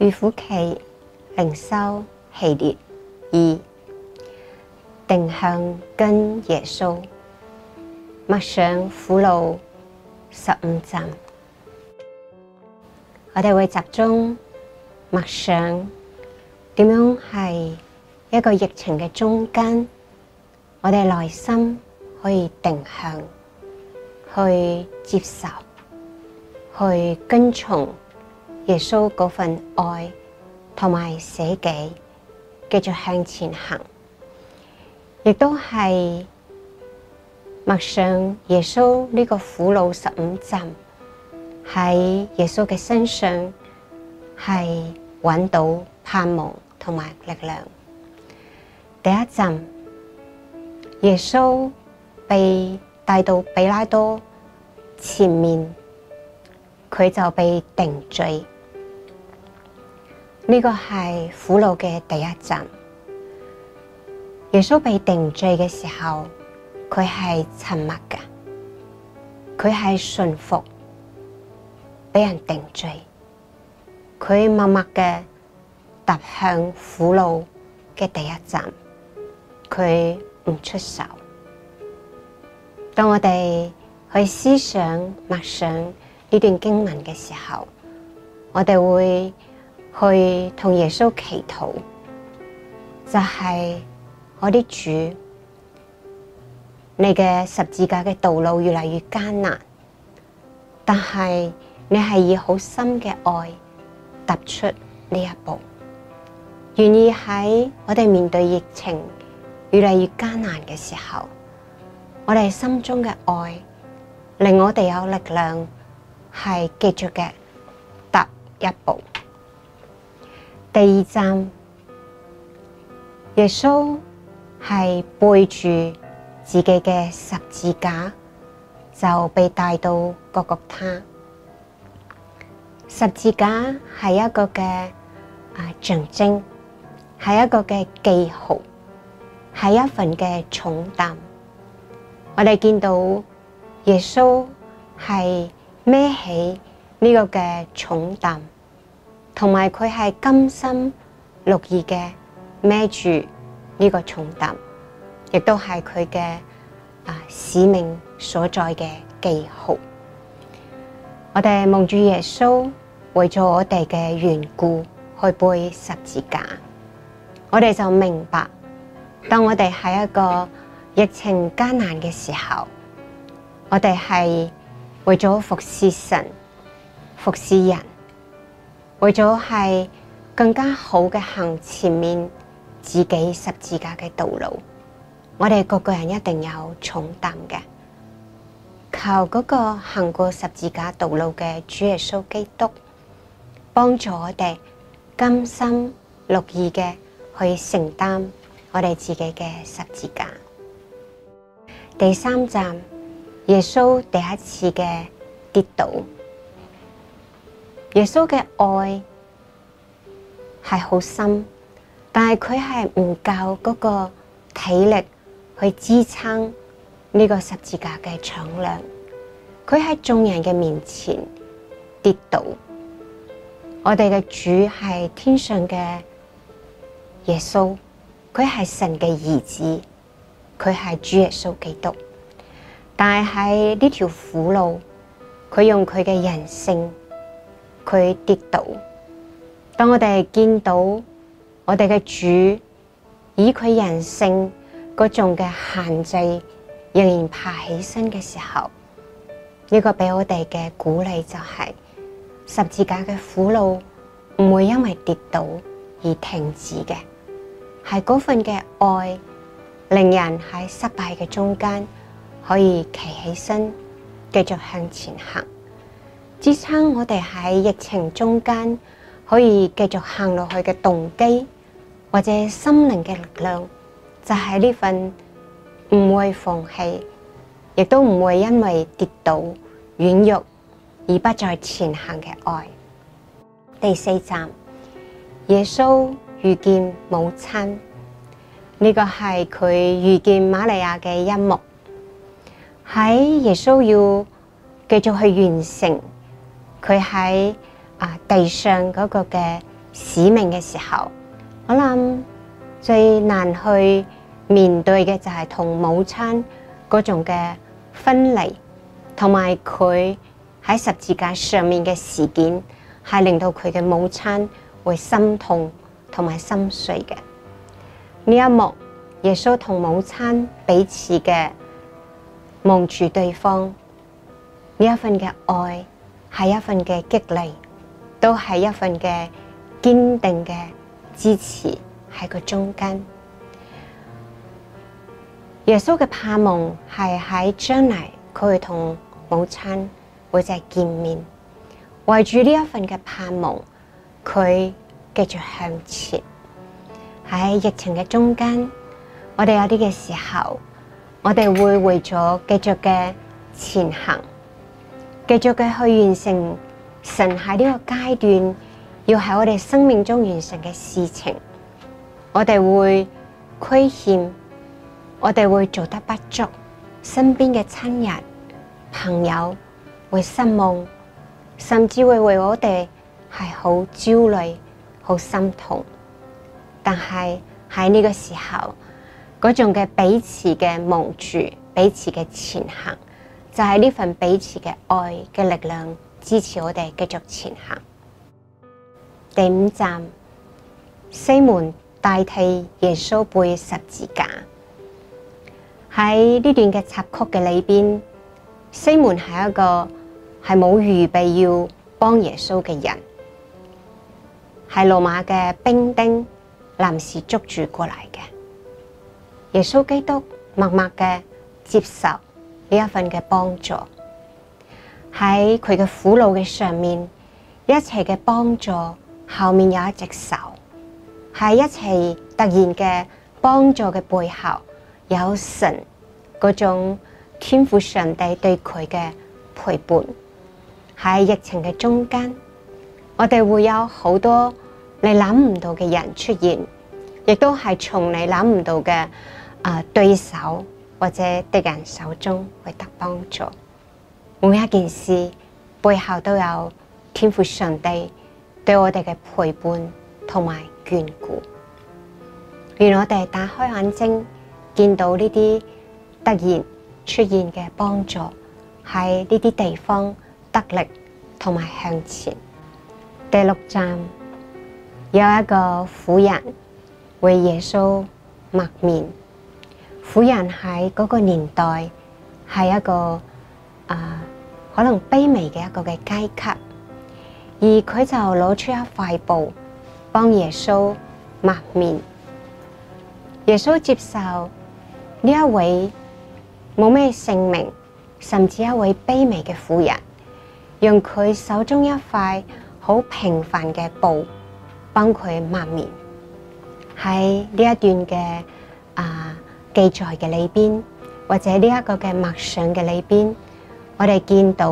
預苦期靈修系列二：定向跟耶穌，默想苦路十五站。我哋會集中默想，點樣係一個疫情嘅中間，我哋內心可以定向去接受，去跟從。耶穌嗰份愛同埋捨己，繼續向前行，亦都係默想耶穌呢個苦路十五站，喺耶穌嘅身上係揾到盼望同埋力量。第一站，耶穌被帶到彼拉多前面。佢就被定罪，呢、這個係苦路嘅第一站。耶穌被定罪嘅時候，佢係沉默嘅，佢係順服，俾人定罪，佢默默嘅踏向苦路嘅第一站，佢唔出手。當我哋去思想默想。呢段經文嘅時候，我哋會去同耶穌祈禱，就係、是、我啲主，你嘅十字架嘅道路越嚟越艱難，但係你係以好深嘅愛踏出呢一步，願意喺我哋面對疫情越嚟越艱難嘅時候，我哋心中嘅愛令我哋有力量。係繼續嘅第一步。第二站，耶穌係背住自己嘅十字架，就被帶到各各他。十字架係一個嘅啊象徵，係一個嘅記號，係一份嘅重擔。我哋見到耶穌係。孭起呢個嘅重擔，同埋佢係甘心樂意嘅孭住呢個重擔，亦都係佢嘅啊使命所在嘅記號。我哋望住耶穌為咗我哋嘅緣故去背十字架，我哋就明白，當我哋喺一個疫情艱難嘅時候，我哋係。為咗服侍神、服侍人，為咗係更加好嘅，行前面自己十字架嘅道路，我哋各個人一定有重擔嘅。求嗰個行過十字架道路嘅主耶穌基督幫助我哋甘心樂意嘅去承擔我哋自己嘅十字架。第三站。耶穌第一次嘅跌倒，耶穌嘅愛係好深，但係佢係唔夠嗰個體力去支撐呢個十字架嘅重量。佢喺眾人嘅面前跌倒。我哋嘅主係天上嘅耶穌，佢係神嘅兒子，佢係主耶穌基督。但係喺呢條苦路，佢用佢嘅人性，佢跌倒。當我哋見到我哋嘅主以佢人性嗰種嘅限制，仍然爬起身嘅時候，呢、這個俾我哋嘅鼓勵就係、是、十字架嘅苦路唔會因為跌倒而停止嘅，係嗰份嘅愛，令人喺失敗嘅中間。可以企起身，繼續向前行，支撐我哋喺疫情中間可以繼續行落去嘅動機或者心靈嘅力量，就係呢份唔會放棄，亦都唔會因為跌倒軟弱而不再前行嘅愛。第四站，耶穌遇見母親，呢個係佢遇見瑪利亞嘅一幕。喺耶穌要繼續去完成佢喺啊地上嗰個嘅使命嘅時候，我諗最難去面對嘅就係同母親嗰種嘅分離，同埋佢喺十字架上面嘅事件，係令到佢嘅母親會心痛同埋心碎嘅。呢一幕，耶穌同母親彼此嘅。望住對方，呢一份嘅愛係一份嘅激勵，都係一份嘅堅定嘅支持喺佢中間。耶穌嘅盼望係喺將來，佢同母親會再見面。為住呢一份嘅盼望，佢繼續向前。喺疫情嘅中間，我哋有啲嘅時候。我哋會為咗繼續嘅前行，繼續嘅去完成神喺呢個階段要喺我哋生命中完成嘅事情，我哋會虧欠，我哋會做得不足，身邊嘅親人朋友會失望，甚至會為我哋係好焦慮、好心痛。但係喺呢個時候。嗰種嘅彼此嘅望住，彼此嘅前行，就係呢份彼此嘅愛嘅力量支持我哋繼續前行。第五站，西門代替耶穌背十字架。喺呢段嘅插曲嘅裏邊，西門係一個係冇預備要幫耶穌嘅人，係羅馬嘅兵丁臨時捉住過嚟嘅。耶穌基督默默嘅接受呢一份嘅幫助，喺佢嘅苦惱嘅上面，一切嘅幫助後面有一隻手，喺一切突然嘅幫助嘅背後，有神嗰種天父上帝對佢嘅陪伴。喺疫情嘅中間，我哋會有好多你諗唔到嘅人出現，亦都係從你諗唔到嘅。啊！對手或者敵人手中會得幫助，每一件事背後都有天父上帝對我哋嘅陪伴同埋眷顧，願我哋打開眼睛見到呢啲突然出現嘅幫助，喺呢啲地方得力同埋向前。第六站，有一個婦人為耶穌抹面。婦人喺嗰個年代係一個啊、呃，可能卑微嘅一個嘅階級，而佢就攞出一塊布幫耶穌抹面。耶穌接受呢一位冇咩姓名，甚至一位卑微嘅婦人，用佢手中一塊好平凡嘅布幫佢抹面。喺呢一段嘅啊。呃記載嘅裏邊或者呢一個嘅默想嘅裏邊，我哋見到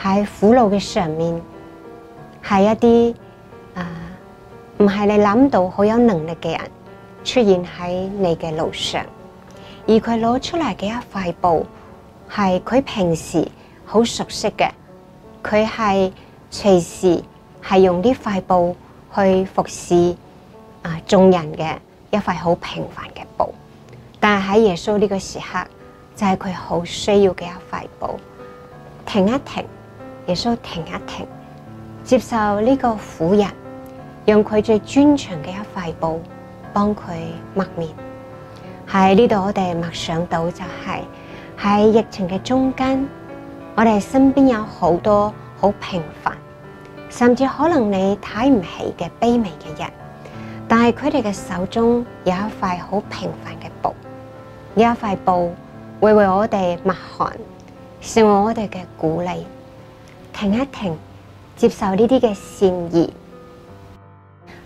喺苦路嘅上面係一啲啊，唔、呃、唔係你諗到好有能力嘅人出現喺你嘅路上，而佢攞出嚟嘅一塊布係佢平時好熟悉嘅，佢係隨時係用呢塊布去服侍啊眾人嘅一塊好平凡嘅布。喺耶穌呢個時刻，就係佢好需要嘅一塊布，停一停，耶穌停一停，接受呢個苦人，用佢最專長嘅一塊布幫佢抹面。喺呢度我哋默想到就係、是、喺疫情嘅中間，我哋身邊有好多好平凡，甚至可能你睇唔起嘅卑微嘅人，但係佢哋嘅手中有一塊好平凡嘅布。有一塊布會為我哋抹汗，成為我哋嘅鼓勵。停一停，接受呢啲嘅善意。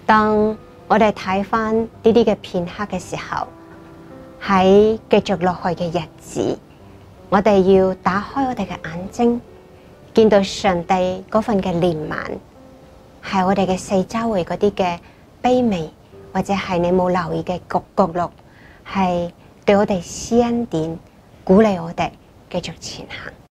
當我哋睇翻呢啲嘅片刻嘅時候，喺繼續落去嘅日子，我哋要打開我哋嘅眼睛，見到上帝嗰份嘅憐憫，係我哋嘅四周圍嗰啲嘅卑微，或者係你冇留意嘅角落，係。對我哋施恩典，鼓勵我哋繼續前行。